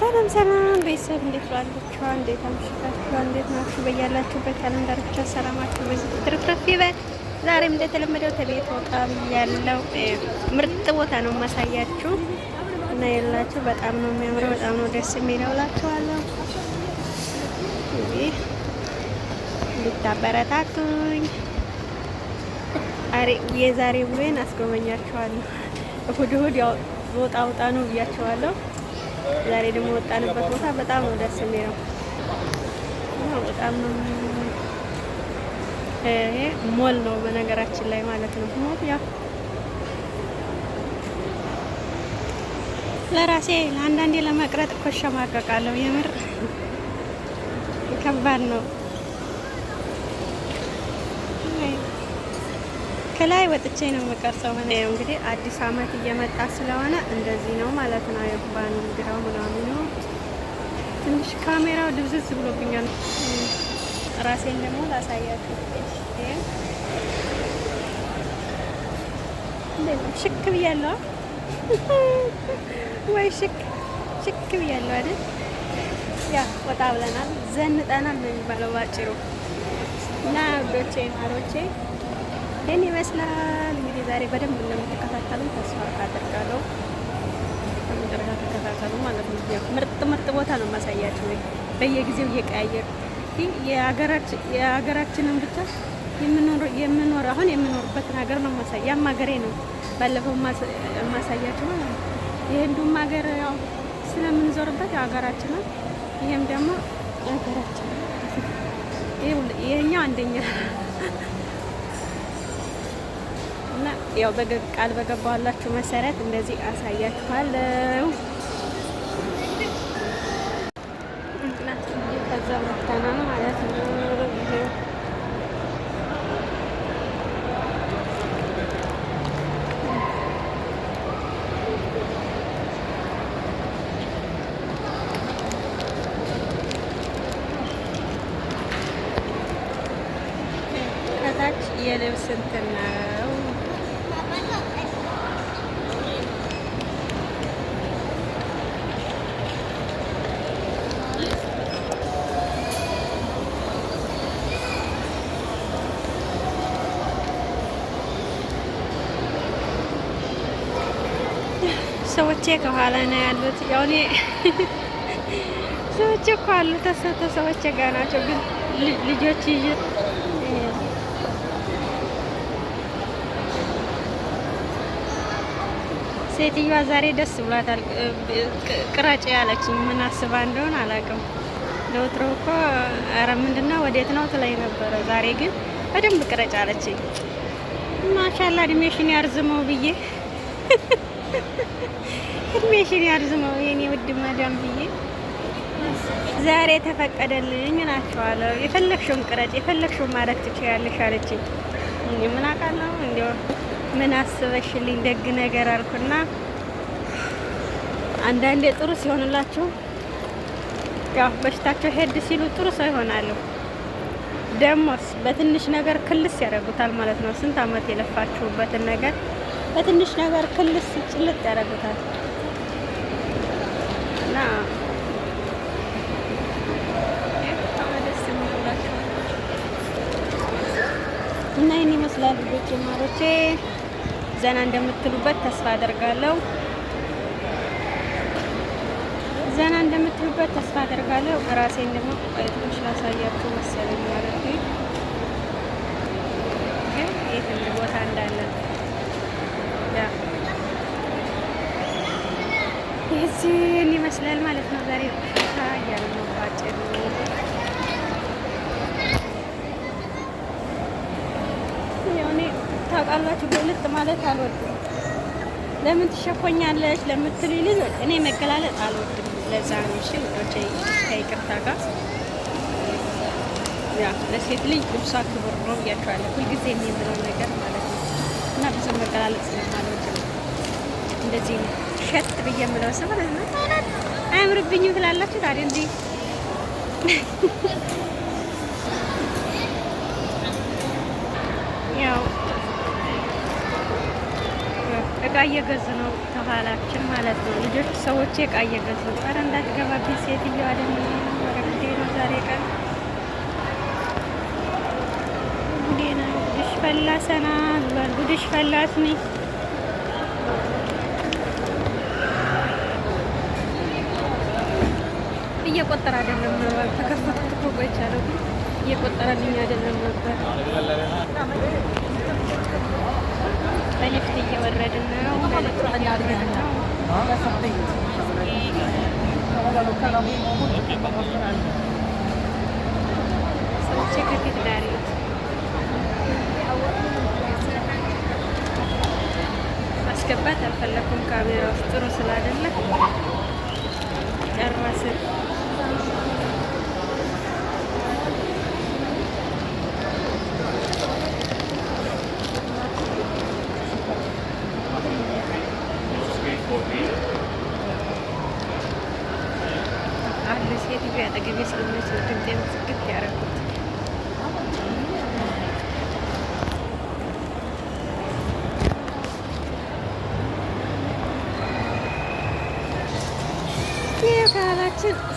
ሰላም ሰላም ቤተሰብ እንዴት ዋላችሁ? እንዴት አምሽታችሁ? እንዴት ናችሁ? በያላችሁበት የዓለም ዳርቻ ሰላማችሁ በዚህ ትርፍርፍ ይበል። ዛሬም እንደተለመደው ተቤት ወጣ ያለው ምርጥ ቦታ ነው ማሳያችሁ እና የላችሁ በጣም ነው የሚያምረው፣ በጣም ነው ደስ የሚለው እላችኋለሁ። እንግዲህ አሬ የዛሬ ውሎዬን አስጎበኛችኋለሁ። እሑድ እሑድ ያው ወጣ ወጣ ነው ብያችኋለሁ። ዛሬ ደግሞ ወጣንበት ቦታ በጣም ነው ደስ የሚለው። በጣም ነው ይሄ ሞል ነው በነገራችን ላይ ማለት ነው። ሞል ያው ለራሴ አንዳንዴ ለመቅረጥ እኮ እሸማቀቃለሁ የምር ከባድ ነው። ከላይ ወጥቼ ነው የምቀርጸው። ሆነ እንግዲህ አዲስ አመት እየመጣ ስለሆነ እንደዚህ ነው ማለት ነው። የባኑ ግራው ምናምኑ ትንሽ ካሜራው ድብዝዝ ብሎብኛል። ራሴን ደግሞ ላሳያችሁ። ሽክ ብያለሁ ወይ ሽክ ሽክ ብያለሁ አይደል? ያ ወጣ ብለናል፣ ዘንጠና ነው የሚባለው ባጭሩ እና ዶቼ ማሮቼ ይህን ይመስላል እንግዲህ ዛሬ በደንብ እንደምትከታተሉ ተስፋ አደርጋለሁ። ከመጨረሻ ተከታተሉ ማለት ነው። ምርጥ ምርጥ ቦታ ነው ማሳያችሁ። ወይ በየጊዜው እየቀያየር የሀገራችንን ብቻ የምኖር አሁን የምኖርበትን ሀገር ነው ማሳያ ያም ሀገሬ ነው ባለፈው ማሳያቸው ማለት ነው። የህንዱም ሀገር ያው ስለምንዞርበት ሀገራችንን ይህም ደግሞ ሀገራችን ይህኛው አንደኛ እና ያው ቃል በገባላችሁ መሰረት እንደዚህ አሳያችኋለሁ። ከዛ ማለት ነው። ከታች የልብስ እንትን ሰዎቼ ከኋላ ነው ያሉት። ያው እኔ ሰዎቼ እኮ አሉ ተሰተ ሰዎች ጋር ናቸው፣ ግን ልጆች ይ ሴትዮዋ ዛሬ ደስ ብሏታል። ቅረጭ ያለችኝ ምን አስባ እንደሆን አላውቅም። ለወትሮ እኮ ኧረ ምንድና ወዴት ነው ትላይ ነበረ። ዛሬ ግን በደንብ ቅረጭ አለችኝ። ማሻላ እድሜሽን ያርዝመው ብዬ እድሜሽን ያርዝመው የኔ ውድ ማዳም ብዬ ዛሬ ተፈቀደልኝ እላቸዋለሁ። የፈለግሽውን ቅረጭ፣ የፈለግሽውን ማድረግ ትችያለሽ አለችኝ። እኔ ምን አውቃለሁ እንዲያው ምን አስበሽልኝ ደግ ነገር አልኩና አንዳንዴ ጥሩ ሲሆንላችሁ ያው በሽታቸው ሄድ ሲሉ ጥሩ ሰው ይሆናሉ። ደሞስ በትንሽ ነገር ክልስ ያደርጉታል ማለት ነው። ስንት ዓመት የለፋችሁበትን ነገር በትንሽ ነገር ክልስ ጭልጥ ያደርጉታል እና እና ይህን ይመስላል ልጆች ማሮቼ፣ ዘና እንደምትሉበት ተስፋ አደርጋለሁ። ዘና እንደምትሉበት ተስፋ አደርጋለሁ። ራሴን ደግሞ ቆይቶች ላሳያችሁ መሰለኝ ማለት ነው የት ቦታ እንዳለ ይህችን ይመስላል ማለት ነው። ዛሬ ቆሻሻ እያለ ነው ባጭሩ። እኔ ታውቃላችሁ ግልጥ ማለት አልወድም። ለምን ትሸፈኛለች ለምትሉኝ ልጆች እኔ መገላለጥ አልወድም። ለዛ ነው እሺ ልጆቼ ከይቅርታ ጋር ያ ለሴት ልጅ ልብሷ ክብር ነው ብያቸዋለሁ። ሁልጊዜ የሚምለው ነገር ማለት ነው እና ብዙ መገላለጥ ስለማ እንደዚህ ሸት ብዬ የምለው ስም አያምርብኝም ትላላችሁ። ታዲያ እንዲህ ያው እቃ እየገዙ ነው ከኋላችን ማለት ነው። ልጆች ሰዎች እቃ እየገዙ ኧረ እንዳትገባብኝ ሴትዮዋ ደግሞ ነው ዛሬ ቀን ጉዴ ነው። ጉድሽ ፈላ ሰና ጉድሽ ፈላስኒ እየቆጠረ አይደለም ነበር ተከፈቱት እኮ ቆይቻለሁ፣ ግን እየቆጠረልኝ አይደለም ነበር። በሊፍት እየወረድን ነው ሰዎች ከፊት ላይ ማስገባት አልፈለኩም ካሜራ ውስጥ ጥሩ ስላደለ ጨረስን።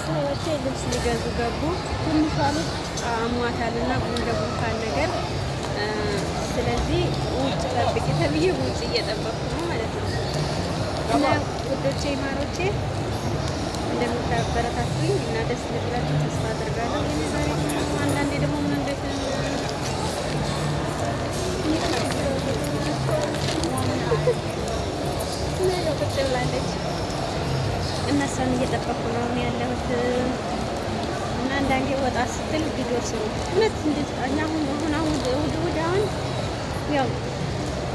ሰዎች ልብስ ሊገዙ ገቡ። ትንሿ ልጅ አሟታልና ቡንደ ቡንካን ነገር ስለዚህ ውጭ ጠብቂ ተብዬ ውጭ እየጠበኩ ነው ማለት ነው። እና ውዶቼ ማሮቼ እንደምታበረታቱኝ እና ደስ ልብላችሁ ተስፋ አድርጋለሁ። ይህ ዛሬ አንዳንዴ ደግሞ ምን እንደት እና እሷን እየጠበኩ ነው ያለሁት። እና አንዳንዴ ወጣ ስትል ቪዲዮ ስሩ እውነት እንድትቃኝ አሁን አሁን አሁን እሑድ እሑድ አሁን ያው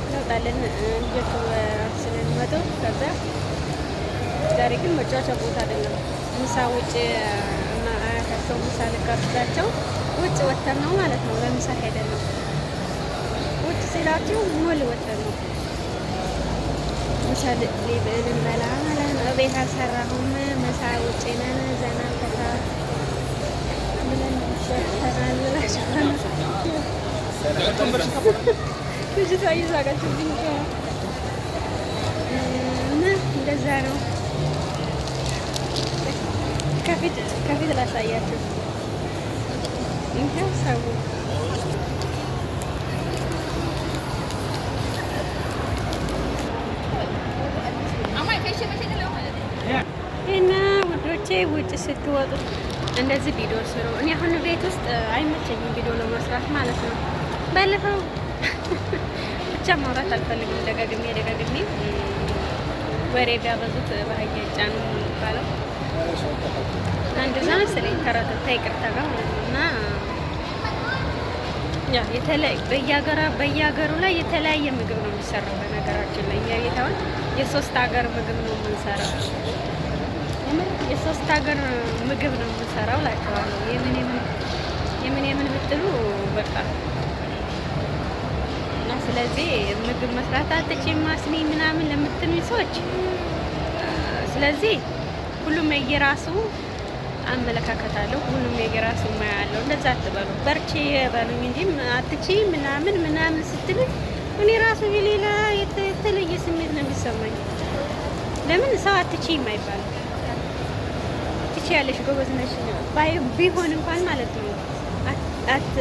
እንወጣለን ልጆቹ ስለሚመጡ ከዛ ዛሬ ግን መጫወቻ ቦታ አይደለም። ምሳ ውጭ አያታቸው ምሳ ልጋብዛቸው ውጭ ወተን ነው ማለት ነው። ለምሳ ሄደን ነው ውጭ ስላቸው ሞል ወተን ነው ብል መላ ማለት ነው። ቤት አልሰራሁም። ምሳ ውጪ ነን። ዘና ፈታ ብለን ሸተናል። ልጅቷ እየዛቀችብኝ እና እንደዛ ነው። ከፊት ከፊት ላሳያችሁ ሰው ልጆቼ ውጭ ስትወጡ እንደዚህ ቪዲዮ ስሩ። እኔ አሁን ቤት ውስጥ አይመቸኝም ቪዲዮ ለመስራት ማለት ነው። ባለፈው ብቻ ማውራት አልፈልግም። ደጋግሜ ደጋግሜ ወሬ ቢያበዙት ባህያ ጫኑ የሚባለው አንድ ዛ መሰለኝ ከረተታ ይቅርታ ጋር እና በየሀገሩ ላይ የተለያየ ምግብ ነው የሚሰራው። በነገራችን ላይ እኛ ቤታውን የሶስት ሀገር ምግብ ነው የምንሰራው። የምን የሶስት ሀገር ምግብ ነው የምሰራው ላቸዋለሁ። የምን የምን የምን የምን ብትሉ በቃ እና ስለዚህ ምግብ መስራት አትችይም ማስኔ ምናምን ለምትሉኝ ሰዎች ስለዚህ ሁሉም የየራሱ አመለካከት አለው። ሁሉም የየራሱ ሙያ አለው። እንደዛ አትበሉ፣ በሉኝ እንጂ አትችይም ምናምን ምናምን ስትሉኝ እኔ ራሱ የሌላ የተለየ ስሜት ነው የሚሰማኝ። ለምን ሰው አትችይም አይባልም። ትችያለሽ፣ ጎበዝ ነሽ። ባይ ቢሆን እንኳን ማለት ነው አት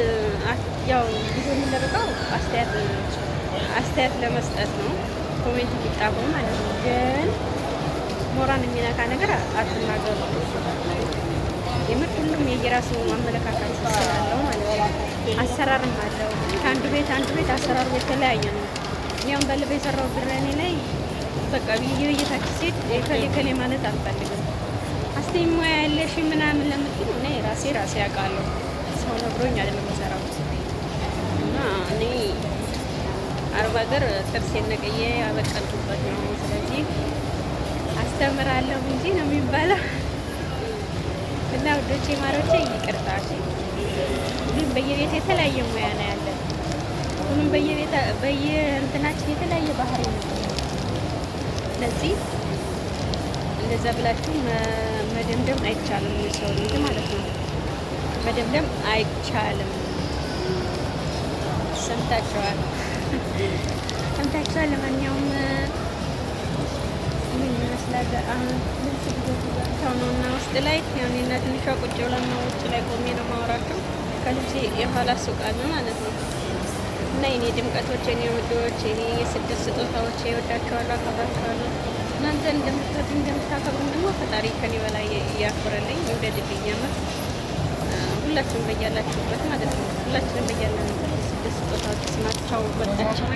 ያው ቢሆን የምንለቀው አስተያየት አስተያየት ለመስጠት ነው፣ ኮሜንት ቢጣፉ ማለት ነው። ግን ሞራን የሚነካ ነገር አትናገሩ። የምር ሁሉም የየራሱ አመለካከት ስላለው ማለት ነው። አሰራርም አለው። ከአንዱ ቤት አንዱ ቤት አሰራሩ የተለያየ ነው። እኛም በልብ የሰራው ብረኔ ላይ በቃ የቤታችን ሴት ከሌ ከሌ ማለት አልፈልግም እንደዚህ ሙያ ያለሽ ምናምን ለምትሉ እኔ ራሴ ራሴ አውቃለሁ። ሰው ነግሮኝ አይደለም የምሰራው እና እኔ አርባ ሀገር ጥርሴን ነቅዬ ያበቀልኩበት ነው። ስለዚህ አስተምራለሁ እንጂ ነው የሚባለው። እና ውዶቼ ማሮቼ ይቅርታ፣ ግን በየቤት የተለያየ ሙያ ነው ያለ። ሁሉም በየቤት በየእንትናችን የተለያየ ባህሪ ነው። ስለዚህ እንደዛ ብላችሁ መደምደም አይቻልም። የሰው ልጅ ማለት ነው መደምደም አይቻልም። ሰምታችኋል፣ ሰምታችኋል። ለማንኛውም ምን ይመስላል አሁን ልብስ ነው እና ውስጥ ላይ ያኔና ትንሿ ቁጭ ብላ ነው ውጭ ላይ ቆሜ ነው ማውራቸው ከልብሴ የኋላ ሱቃለ ማለት ነው እና የኔ ድምቀቶች፣ የኔ ውዶች፣ የኔ የስደት ስጦታዎች ወዳቸዋሉ፣ አከብራቸዋለሁ። እናንተን እንደምታት እንደምታከብሩ ደግሞ ፈጣሪ ከኔ በላይ ያክብረልኝ ይውደድልኝ። ያመር ሁላችንም በያላችሁበት ማለት ነው። ሁላችንም በያለንበት ስድስት ቦታዎች ስማቸው በጣቸው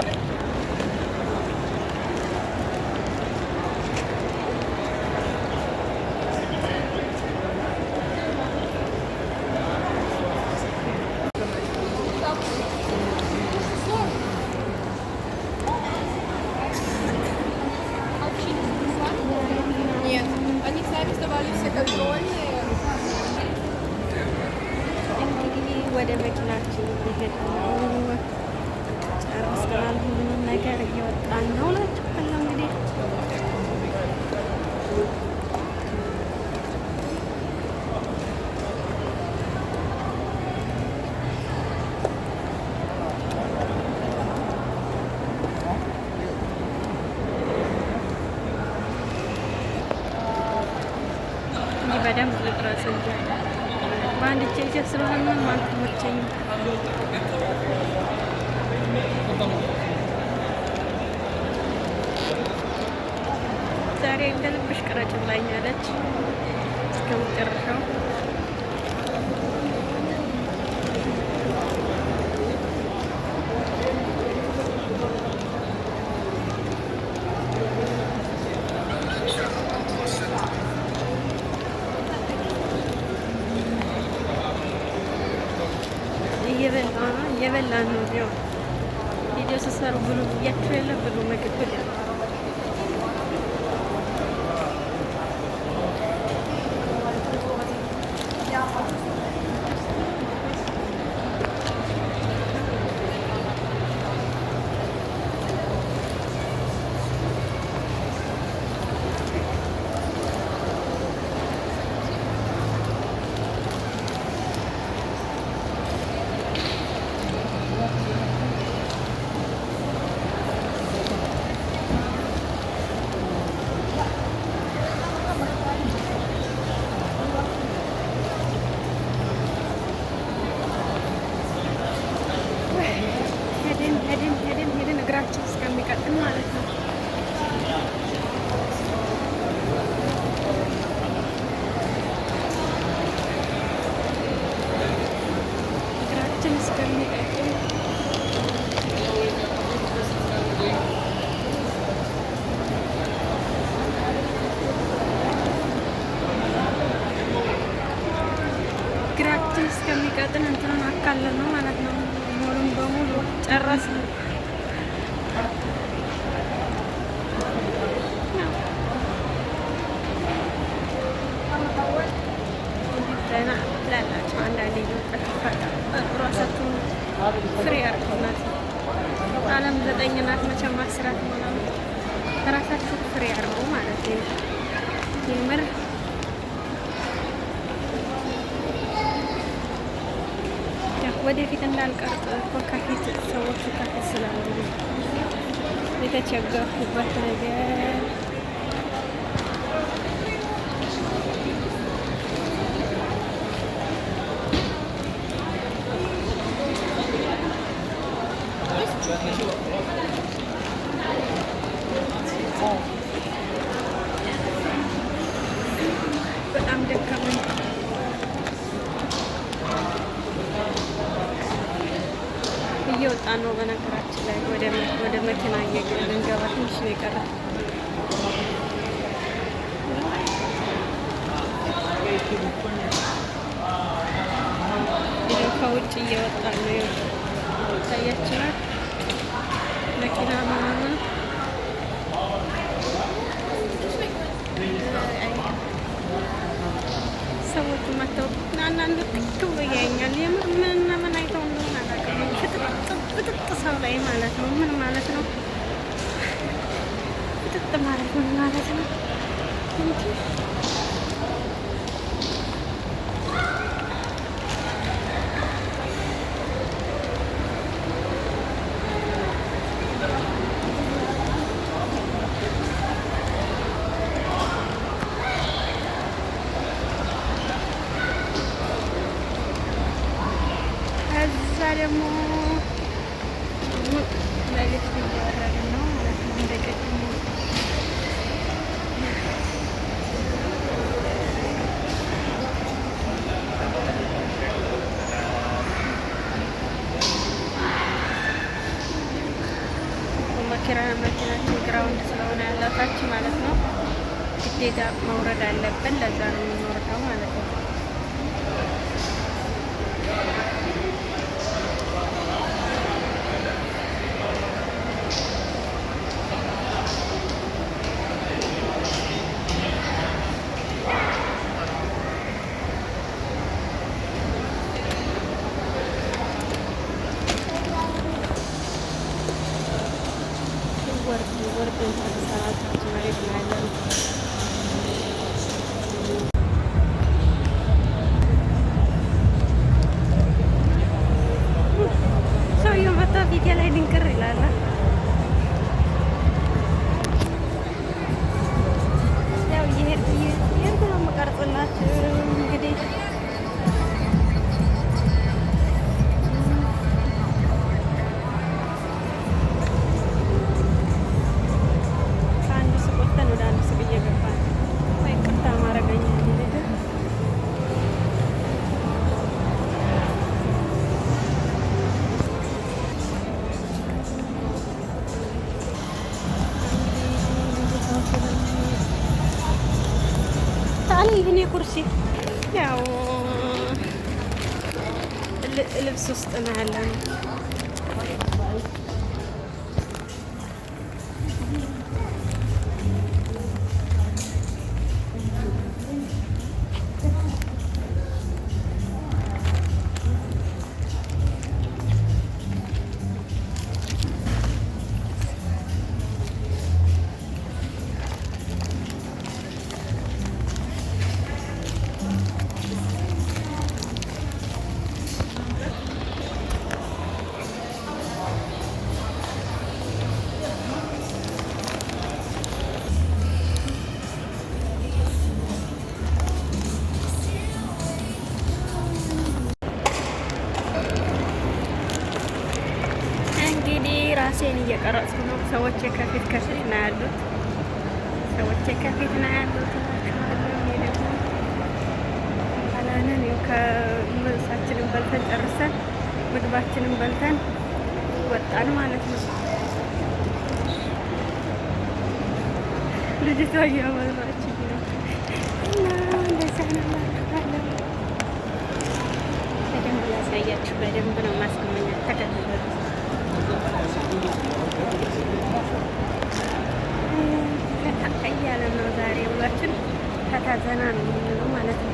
ራስ እንጂ በአንድ እጄ ይዤ ስለሆነ ማለት መቸኝ ዛሬ እንደ ልብሽ ቅረጭ እስከ መጨረሻው እየበላን ነው። ቪዲዮ ስሰሩ ብሉ ብያችሁ የለ ብሉ ምግብ ብሉ የቀረብን እንትኑን አካለን ነው ማለት ነው። ሙሉም በሙሉ ጨረስ ፍሬ ዘጠኝ ናት መቼም አስራት ሆና ራሳችሁ ፍሬ አድርጉ ማለት ነው የምር ወደፊት እንዳልቀርጥ እኮ ከፊት ሰዎቹ ከፊት ስላሉ የተቸገርኩበት ነገር እየወጣን ነው። በነገራችን ላይ ወደ መኪና እየግን ልንገባ ትንሽ ነው የቀረ። ከውጭ እየወጣን ነው። ይታያችኋል መኪና ምናምን ሰዎቹ መጥተው አንዳንዱ ትክ ብሎ የምር ምንና ምን አይተው ፍጥጥ ሰው ላይ ማለት ነው። ምን ማለት ነው? ፍጥጥ ማለት ምን ማለት ነው? ሜዳ መውረድ አለብን። ለዛ ነው የምንወርደው ማለት ነው። ወርድ ወርድ ሰራታችን መሬት لي كرسي ياو لبسوا سطنا معلم ራሴን እየቀረጽኩ ነው። ሰዎች ከፊት ከፊት ነው ያሉት። ሰዎች ከፊት ነው ያሉት። ደግሞ ከምሳችንን በልተን ጨርሰን ምግባችንን በልተን ወጣን ማለት ነው። ልጅቷ እያመራች ያሳያችሁ። በደንብ ነው ፈታ እያለ ነው ዛሬ ውሏችን። ፈታ ዘና ነው የምንለው ማለት ነው።